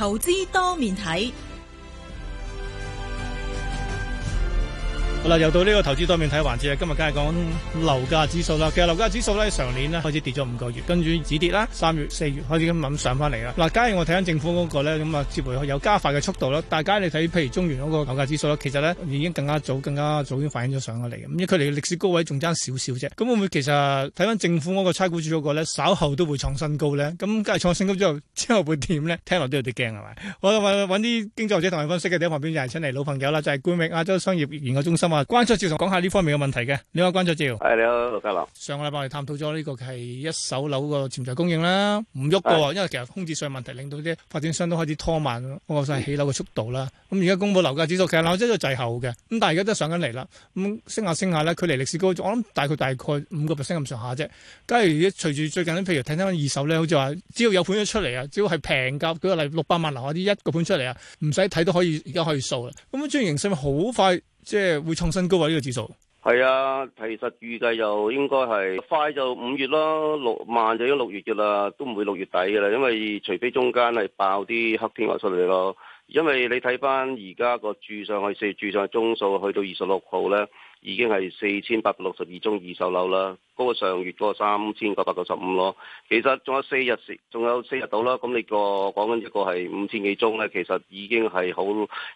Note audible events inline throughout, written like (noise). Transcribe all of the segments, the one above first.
投資多面睇。好啦，又到呢個投資多面睇嘅環節啦。今日梗係講樓價指數啦。其實樓價指數咧，上年咧開始跌咗五個月，跟住止跌啦。三月、四月開始咁猛上翻嚟啦。嗱，假如我睇緊政府嗰、那個咧，咁、嗯、啊接住有加快嘅速度啦。大家你睇譬如中原嗰個樓價指數咧，其實咧已經更加早、更加早已經反映咗上嚟嘅。咁因為佢哋嘅歷史高位仲爭少少啫。咁會唔會其實睇翻政府嗰個差估署嗰、那個咧，稍後都會創新高咧？咁梗係創新高之後，之後會點咧？聽落都有啲驚係咪？我揾啲經濟學者同你分析嘅，第一旁邊就係請嚟老朋友啦，就係、是、冠域亞洲商業研究中心。話關焯照同講下呢方面嘅問題嘅。你好，關焯照。誒、哎，你好，盧家樂。上個禮拜我哋探討咗呢個係一手樓個潛在供應啦，唔喐嘅，哎、因為其實空置稅問題令到啲發展商都開始拖慢嗰個洗起樓嘅速度啦。咁而家公布樓價指數，其實樓價都係滯後嘅。咁但係而家都上緊嚟啦。咁升下升下咧，佢離歷史高，我諗大概大概五個 percent 咁上下啫。假如隨住最近譬如睇翻二手咧，好似話只要有盤出嚟啊，只要係平價，舉個例六百萬樓嗰啲一個盤出嚟啊，唔使睇都可以而家可以掃啦。咁至於性式，好快。即係會創新高位呢個指數係啊，其實預計又應該係快就五月啦，慢就已經六月噶啦，都唔會六月底噶啦，因為除非中間係爆啲黑天鵝出嚟咯。因為你睇翻而家個注上去四月，注上去宗數去到二十六號咧，已經係四千八百六十二宗二手樓啦，高過上月嗰個三千九百九十五咯。其實仲有四日，仲有四日到啦。咁你個講緊一個係五千幾宗咧，其實已經係好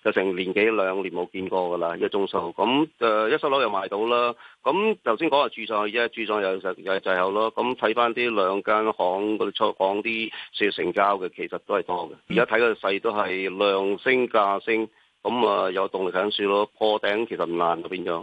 有成年幾兩年冇見過㗎啦，一宗數。咁誒、呃，一手樓又賣到啦。咁頭先講係住上去啫，住上去有實有滯後咯。咁睇翻啲兩間行嗰度出講啲成成交嘅，其實都係多嘅。而家睇個勢都係量升價升。咁啊、嗯，有動力睇緊書咯，破頂其實唔難嘅變咗。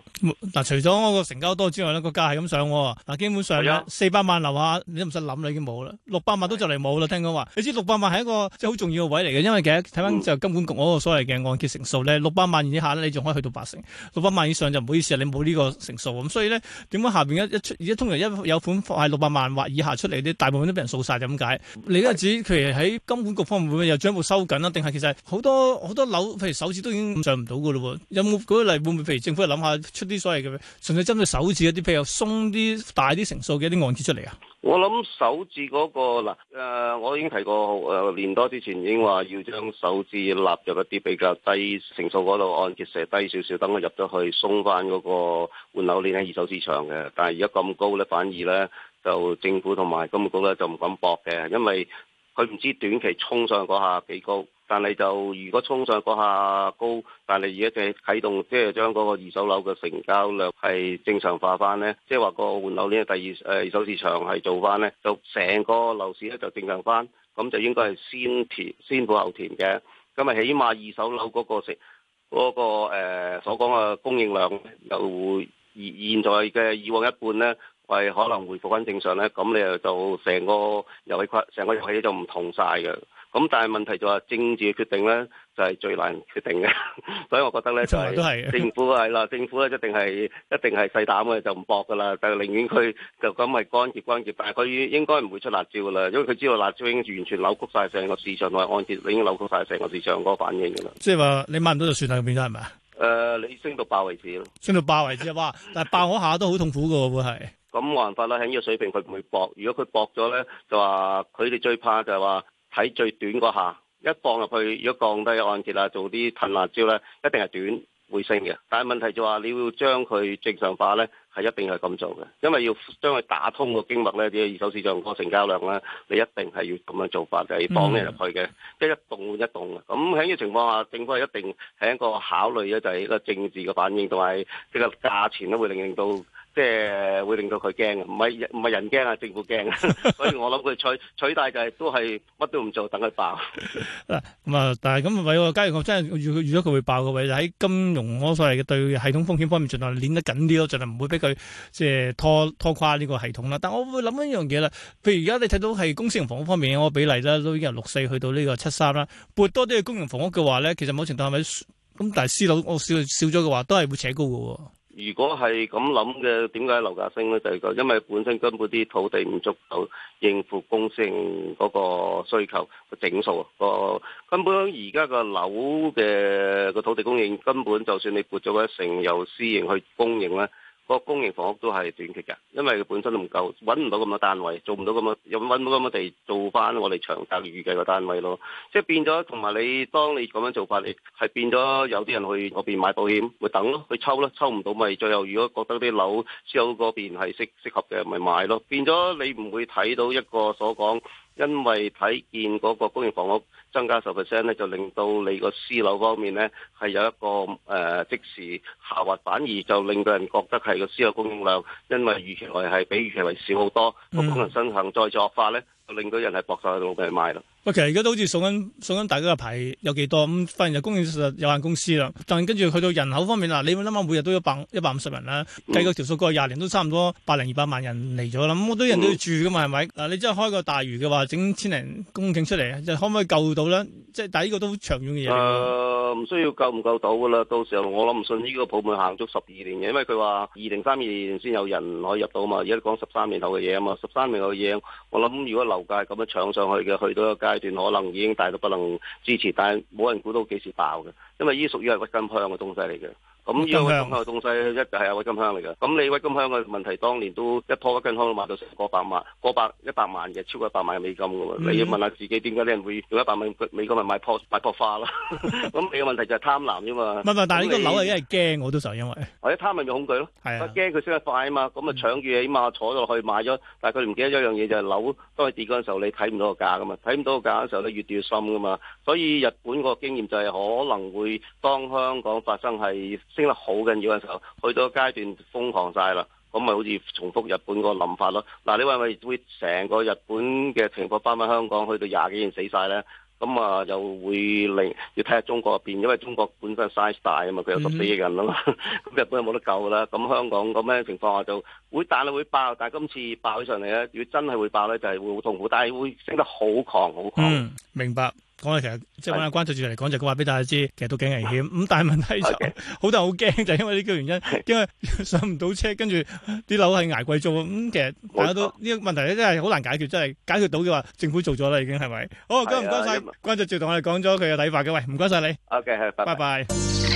嗱，除咗個成交多之外呢個價係咁上。嗱，基本上有四百萬樓下，你都唔使諗啦，你已經冇啦。六百萬都就嚟冇啦，聽講話。你知六百萬係一個即係好重要嘅位嚟嘅，因為其實睇翻就金管局嗰個所謂嘅按揭成數咧，六百萬以下咧，你仲可以去到八成。六百萬以上就唔好意思啦，你冇呢個成數。咁所以咧，點解下邊一一出而家通常有一有款係六百萬或以下出嚟，啲大部分都俾人掃晒。就咁、是、解。的你都係指佢喺金管局方面會唔會又進一步收緊啊？定係其實好多好多樓，譬如首次。都。已經上唔到噶咯喎，有冇嗰、那個、例會唔會？譬如政府諗下出啲所謂嘅，純粹針對首置一啲，譬如鬆啲、大啲成數嘅一啲按揭出嚟啊？我諗首置嗰、那個嗱，誒、呃，我已經提過誒、呃呃，年多之前已經話要將首置納入一啲比較低成數嗰度按揭，射低少少，等佢入咗去鬆翻嗰個換樓鏈喺二手市場嘅。但係而家咁高咧，反而咧就政府同埋金管局咧就唔敢搏嘅，因為佢唔知短期衝上嗰下幾高。但係就如果衝上嗰下高，但係而家就係啟動，即、就、係、係、將嗰個二手樓嘅成交量係正常化翻咧，即係話個換樓呢個第二誒二手市場係做翻咧，就成個樓市咧就正常翻，咁就應該係先填先補後填嘅。咁啊，起碼二手樓嗰、嗰個成嗰、嗰個、呃、所講嘅供應量，又會現在嘅以往一半咧，係可能回復翻正常咧，咁你又就成個遊戲規，成個遊戲就唔同晒嘅。咁但係問題就話政治決定咧，就係、是、最難決定嘅， (laughs) 所以我覺得咧就係、是、政府係 (laughs) 啦，政府咧一定係一定係細膽嘅，就唔搏噶啦。但係寧願佢就咁係幹接幹接，但係佢應該唔會出辣招噶啦，因為佢知道辣招已經完全扭曲晒成個市場內按揭已經扭曲晒成個市場嗰反應嘅啦。即係話你買唔到就算啦，變咗係咪？誒、呃，你升到爆為止咯，升到爆為止啊！哇，但係爆嗰下都好痛苦嘅喎，係 (laughs) 是。咁冇辦法啦，喺呢個水平佢唔會搏。如果佢搏咗咧，就話佢哋最怕就係話。睇最短個下，一放入去，如果降低按揭啊，做啲燜辣招咧，一定係短會升嘅。但係問題就話你要將佢正常化咧，係一定係咁做嘅，因為要將佢打通個經脈咧，啲二手市場個成交量咧，你一定係要咁樣做法，就係放啲入去嘅，即係一動換一動嘅。咁喺呢個情況下，政府係一定係一個考慮咧，就係一個政治嘅反應同埋，即係價錢都會令到。即係會令到佢驚嘅，唔係唔係人驚啊，政府驚，所以我諗佢取取態就係都係乜都唔做，等佢爆。咁啊， (laughs) (laughs) 但係咁唔係，假如我真係預預咗佢會爆嘅位，就喺金融我所謂嘅對系統風險方面，盡量連得緊啲咯，盡量唔會俾佢即係拖拖垮呢個系統啦。但我會諗一樣嘢啦，譬如而家你睇到係公司同房屋方面我比例啦，都已經由六四去到呢個七三啦，撥多啲嘅公營房屋嘅話咧，其實某程度係咪咁？但係私樓我少少咗嘅話，都係會扯高嘅。如果係咁諗嘅，點解樓價升咧？就係、是、個，因為本身根本啲土地唔足夠應付公營嗰個需求嘅、嗰個、整數。嗰個根本而家個樓嘅個土地供應根本，就算你撥咗一成由私營去供應咧。個公營房屋都係短缺嘅，因為佢本身都唔夠，揾唔到咁嘅單位，做唔到咁嘅，又揾唔到咁嘅地做翻我哋長格預計嘅單位咯。即係變咗，同埋你當你咁樣做法，你係變咗有啲人去嗰邊買保險，咪等咯，去抽咯，抽唔到咪最後。如果覺得啲樓之後嗰邊係適合嘅，咪買咯。變咗你唔會睇到一個所講。因為睇見嗰個公營房屋增加十 percent 咧，就令到你個私樓方面咧係有一個誒、呃、即時下滑，反而就令到人覺得係個私樓供應量，因為預期內係比預期內少好多，咁可能進行再作法咧。令到人係搏曬老餅賣咯。喂，其實而家都好似送緊送緊大家嘅牌有幾多？咁發現就供應實有限公司啦。但係跟住去到人口方面嗱，你會諗下每日都有百一百五十人啦，計個條數過去廿年都差唔多百零二百萬人嚟咗啦。咁好多人都要住噶嘛，係咪嗱？你真係開個大嶼嘅話，整千零公頃出嚟，即係可唔可以救到咧？即係第一個都長遠嘢，呃，誒唔需要夠唔夠到㗎啦。到時候我諗唔信呢個泡沫行足十二年嘅，因為佢話二零三二年先有人可以入到嘛。而家講十三年後嘅嘢啊嘛，十三年後嘅嘢，我諗如果樓價係咁樣搶上去嘅，去到一個階段，可能已經大到不能支持，但係冇人估到幾時爆嘅，因為呢屬於係鬱金香嘅東西嚟嘅。咁依個鬱金香嘅東西，一係啊鬱金香嚟嘅。咁你鬱金香嘅問題，當年都一樖鬱金香都賣到成個百萬，個百一百萬嘅，超過一百萬美金㗎嘛。嗯，嗯你要問下自己，點解啲人會用一百萬美金咪買棵買樖花囉。咁 (laughs) 你嘅問題就係貪婪啫嘛。唔係 (laughs) 你，但係呢個樓係因為驚，我都就因為或者貪咪就恐懼咯。係啊，驚佢升得快啊嘛，咁啊搶住起碼坐咗落去買咗，但係佢唔記得一樣嘢就係、是、樓當佢跌嗰陣時候，你睇唔到個價噶嘛，睇唔到個價嗰陣時候，你越跌越深噶嘛。所以日本個經驗就係可能會當香港發生係。升得好緊要嘅時候，去到個階段瘋狂晒啦，咁咪好似重複日本個諗法咯。嗱、啊，你話咪會成個日本嘅情況搬返香港，去到廿幾年死晒咧，咁啊又會令要睇下中國入邊，因為中國本身 size 大啊嘛，佢有十四億人啊嘛。咁日本冇得救啦。咁香港咁樣情況下就會但係會爆，但係今次爆起上嚟咧，如果真係會爆咧，就係會好痛苦，但係會升得好狂好狂。嗯，明白。講嘅其實即係揾下關焯照嚟講，就話俾大家知，其實都幾危險。咁、啊、但係問題就，好 Okay. 多人好驚，就係、是、因為呢個原因， (laughs) 因為上唔到車，跟住啲樓係挨貴租。咁、嗯、其實大家都呢 (laughs) 個問題咧，真係好難解決，真係解決到嘅話，政府做咗啦，已經係咪？好，咁唔該晒，關焯照同我哋講咗佢嘅睇法嘅喂，唔該晒你。OK，係，拜拜。Okay. 拜拜。